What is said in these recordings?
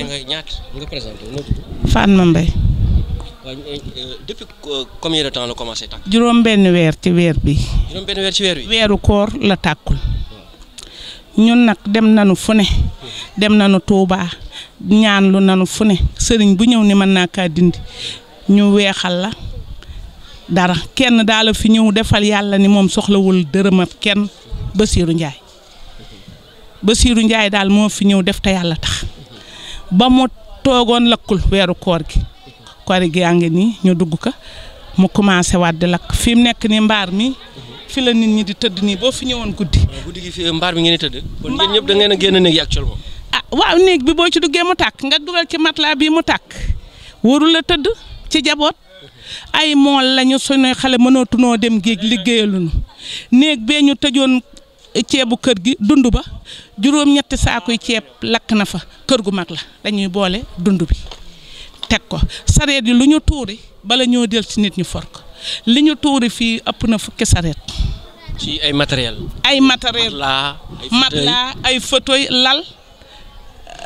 Eh, Fatma Mbaye. Eh, eh, depuis combien de temps la commencé tàkk. juróom benn weer ci weer bi. juróom bi. weeru koor la tàkkul. ñun nag dem nañu fu ne. dem nañu Touba ñaan lu nañu fu ne sëriñ bu ñëw ni mën naa kaa dindi ñu weexal la dara kenn daal la fi ñëw defal yàlla ni moom soxlawul dërëm kenn Basirou Ndiaye Basirou Ndiaye daal moo fi ñëw def yàlla tax. ba mu toogoon lakkul weeru koor gi koor gi yaa ngi nii ñu dugg ko mu commencé waat di lakk fi mu nekk ni mbaar mi fi la nit ñi di tëdd nii boo fi ñëwoon guddi. guddi gi fi mbaar mi ngeen tëdd. kon ñëpp da a génn néeg yi actuellement. ah waaw néeg bi boo ci duggee mu tàkk nga dugal ci matelas bii mu tàkk warul a tëdd ci jaboot ay mool lañu suñuy xale mënootunoo dem géej liggéeyaluñu néeg bee ñu tëjoon ceebu kër gi dund ba. juróom-ñetti saakuy ceeb lakk na fa kër gu mag la dañuy boole dund bi teg ko sareet yi lu ñu tuuri bala ñoo del si nit ñu fork li ñu tuuri fii ëpp na fukki sareet ci ay matériel ay matériel matelas ay fauteuil lal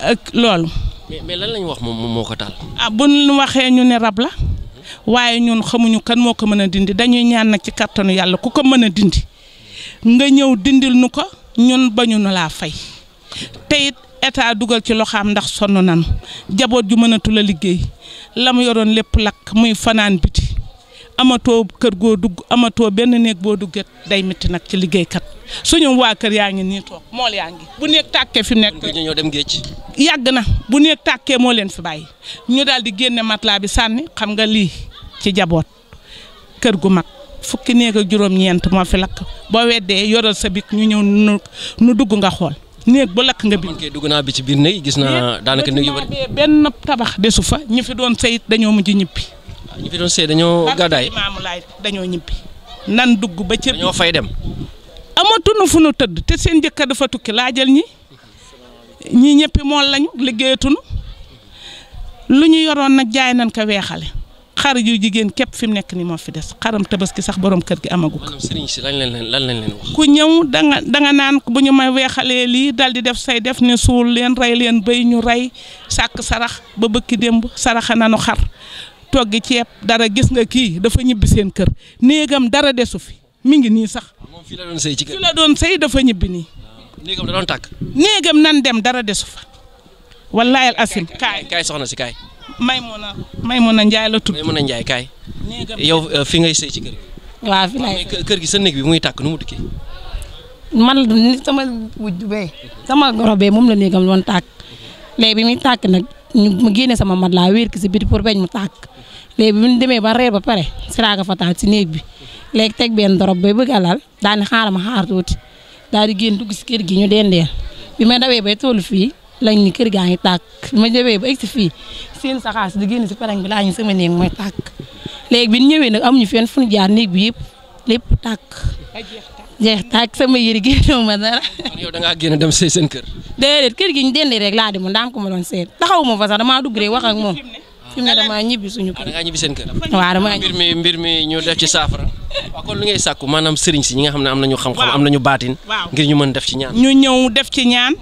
ak loolu mais lan lañu wax moom moo ko taal ah bu ñu waxee ñu ne rab la waaye ñun xamuñu kan moo ko mën a dindi dañuy ñaan nag ci kàttanu yàlla ku ko mën a dindi nga ñëw dindil nu ko ñun bañu nu laa fay te it état dugal ci loxaam ndax sonn nanu jaboot ju mënatul a liggéey la mu yoroon lépp lakk muy fanaan biti amatoo kër goo dugg amatoo benn néeg boo dugget day métti nag ci liggéeykat suñu waa kër yaa ngi nii toog mool yaa ngi bu néeg tàkkee fi mu nekk. ñoo dem géej. yàgg na bu néeg tàkkee moo leen fi bàyyi ñu daal di génne matelas bi sànni xam nga lii ci jaboot kër gu mag. fukki néeg ak juróom-ñeent moo fi lakk boo weddee yoral sa bik ñu ñëw nu nu dugg nga xool néeg bu lakk nga bi dugg naa bi ci biir néeg gis naa daanaka néeg yu bari benn tabax desu fa ñu fi doon sayit dañoo mujj ñibbi. Ah, dañoo gàddaay dañoo ñibbi nan dugg ba ca ñoo fay dem amatuñu fu nu tëdd te seen jëkkër dafa tukki laajal ñi ñi ñëppi mool lañ liggéeyatuñu lu ñu yoroon nag jaay nañ ko weexale xar yu jigéen képp fi mu nekk ni moo fi des xaram tabaski sax borom kër gi amagu ko. sëriñ leen lan lañ leen wax. ku ñëw da nga da nga naan bu ñu may weexalee lii dal di def say def ni suul leen rey leen béy ñu rey sàkk sarax ba bëkki démb saraxa nu xar toggi ceeb dara gis nga kii dafa ñibbi seen kër néegam dara desu fi mi ngi nii sax. moom fi la doon sëy dafa ñibbi nii. néegam da doon nan dem dara desu fa. wallaay al asim kaay. Maymuna Maymuna Njaay la tudd. Maymuna Njaay kaay. yow euh, fi ngay sëy ci kër gi. waaw fi laay kër gi sa néeg bi muy tàkk nu mu tukkee. man ni sama wujj bee sama goro bee moom la néegam doon tàkk léegi bi muy tàkk nag ñu mu génne sama mat laa wéer ki si biir pour bañ mu tàkk léegi mu demee ba reer ba pare si laa ko fa taal si néeg bi léegi teg benn dorop bay bëgg a laal daal ni xaaral ma xaar tuuti daal di génn dugg si kër gi ñu dendeel bi ma fii. lañ ni kër gaa ngi tàkk ma ñëwee ba egg si fii seen saxaas di génn si parang bi laa ñu sama néeg mooy takk léegi bi ñu nag am ñu feen funu jaar néeg bi yëpp lépp tàkk. jeex tàkk sama yëri génn ma dara. kon yow da ngaa génn dem see seen kër. déedéet kër gi ñu dendee rek laa demoon daam ko ma doon seet taxawu ma fa sax damaa dugg rek wax moom. fi mu ne ñibbi suñu ah, kër. ñibbi seen kër. waaw damaa mbir mi mi ñu def ci saafara. waaw kon lu ngay sàkku maanaam sëriñ si ñi nga xam ne am nañu xam-xam am nañu baatin ngir ñu mën def ci ñaan ñu ñëw def ci ñaan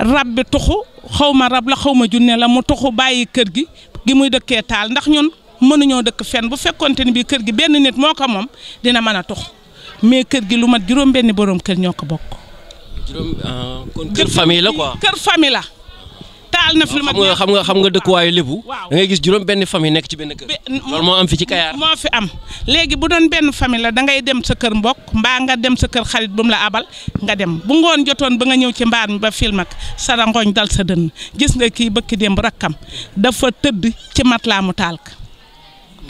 rab bi tuxu xaw ma rab la xaw ma junne la mu tuxu bàyyi kër gi gi muy dëkkee taal ndax ñun mënuñoo dëkk fenn bu fekkonte ni bii kër gi benn nit moo ko moom dina mën a tux mais kër gi lu mat juróom benn boroom kër ñoo ko bokk. Euh, kon kër famille la quoi. kër famille la. taal na fi lu mat xam nga xam nga dëkkuwaayu lébu da ngay gis juróom benn famille nekk ci benn kër loolu moo am fi ci Kayaar moo fi am léegi bu doon benn famille la da ngay dem sa kër mbokk mbaa nga dem sa kër xarit bu mu la abal nga dem bu ngoon jotoon ba nga ñëw ci mbaar mi ba film ak sara ngooñ dal sa dënn gis nga kii bëkki démb rakkam dafa tëdd ci matelas mu taal ka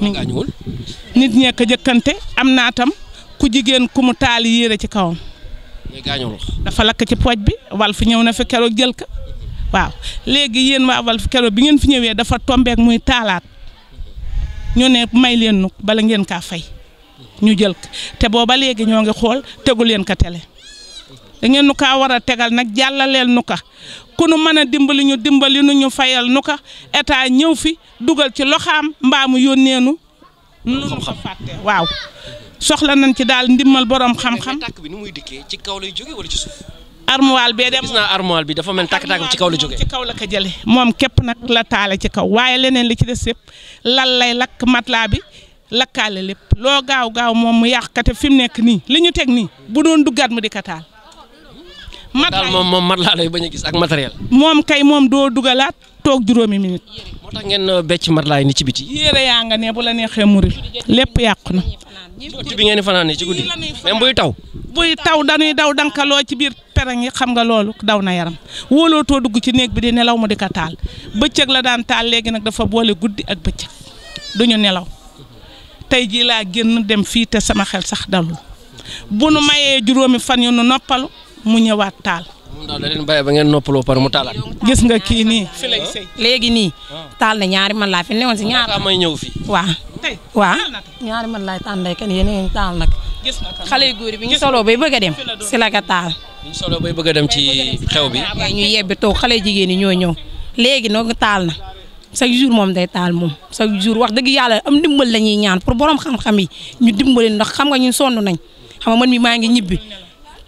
nit ñee ko jëkkante am naa tam ku jigéen ku mu taal yéere ci kawam dafa lakk ci pooj bi wal fi ñëw na fi keroog jël ka waaw léegi yéen waa Walf keroog bi ngeen fi ñëwee dafa tombeek muy taalaat ñu ne may leen nu bala ngeen kaa fay ñu jël ko te booba léegi ñoo ngi xool tegu leen ko tele dangeen ngeen nu kaa war a tegal nag jàllaleel nu ka ku nu mën a dimbali ñu dimbali nu fayal nu ka état ñëw fi dugal ci loxaam mbaamu yónnee nu nu fàtte waaw soxla nañ ci daal ndimbal borom xam-xam. bi nu muy dikkee ci kaw lay jóge ci suuf. armoire bee dem gis naa bi dafa mel tàkk-tàkk bi ci kaw la jógee ci kaw la ko jëlee moom képp nag la taale ci kaw waaye leneen li ci des yëpp lal lay lakk matlaa bi lakkaale lépp loo gaaw gaaw moom mu yàq kate fi mu nekk nii li ñu teg nii bu doon duggaat mu di ko taal. mat daal moom moom mat laa lay bañ a gis ak matériel. moom kay moom doo dugalaat toog juróomi minute. moo tax ngeen euh, becc mat laay ni ci biti. yére yaa nga ne bu la neexee muri lépp yàqu na. bi ngeen di fanaan ci guddi même buy taw. buy taw dañuy daw dankaloo ci biir pereng yi xam nga loolu daw na yaram wóolootoo dugg ci néeg bi di nelaw mu di ko taal bëccëg la daan taal léegi nag dafa boole guddi ak bëccëg duñu nelaw tey ji laa génn dem fii te sama xel sax dalul bu nu fan yu nu noppalu. mu ñëwaat taal. moom ba ngeen noppaloo par mu taalaat. gis nga kii nii fi lay léegi nii ah. taal na ñaari man laa fi newoon si ñaar. waaw may ñëw fi. waaw waaw ñaari man laay tànn kan yéen taal nag. gis nga xale yu bi ñu soloo bay bëgg a dem si la ka taal. bi ñu soloo bay bëgg a dem ci xew bi. ñu yebbi toog xale jigéen ñi ñoo ñëw léegi nag taal na. chaque jour moom day taal moom sa jour wax dëgg yàlla am dimbal la ñuy ñaan pour borom xam-xam yi ñu dimbali ndax xam nga ñu sonn nañ xam man mi maa ngi ñibbi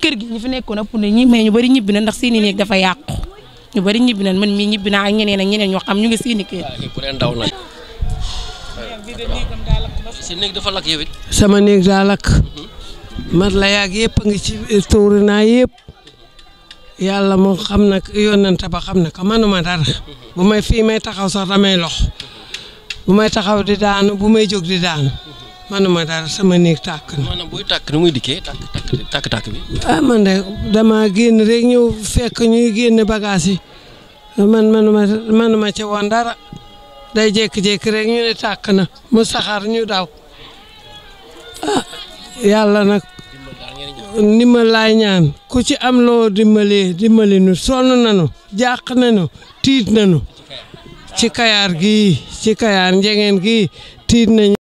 kër gi ñu fi nekkoon ëpp na ñi mais ñu bari ñibbi na ndax seeni néeg dafa yàqu ñu bari ñibbi na man mii ñibbi naa ak ñeneen ak ñeneen ñoo xam ñu ngi seeni kër. yow sama néeg daa lakk. mat la yàgg yëpp a ngi ci tuuri naa yëpp. yàlla moom xam na yónnante ba xam na ko manuma dara. bu may fii may taxaw sax damay taxaw di daanu bu may jóg di daanu. manuma dara sama néeg tàkk na. maanaam booy tàkk nu muy dikkee tàkk tàkk tàkk bi. ah man de génn rek ñu fekk ñuy génn bagage yi man manuma manuma ca woon dara day jékki-jékki rek ñu ne tàkk na mu saxaar ñu daw ah yàlla nag ndimbal laay ñaan ku ci am loo dimbalee dimbali nu sonn nanu jàq nanu tiit nanu ci kayaar gii ci kayaar njegeen gii tiit nañu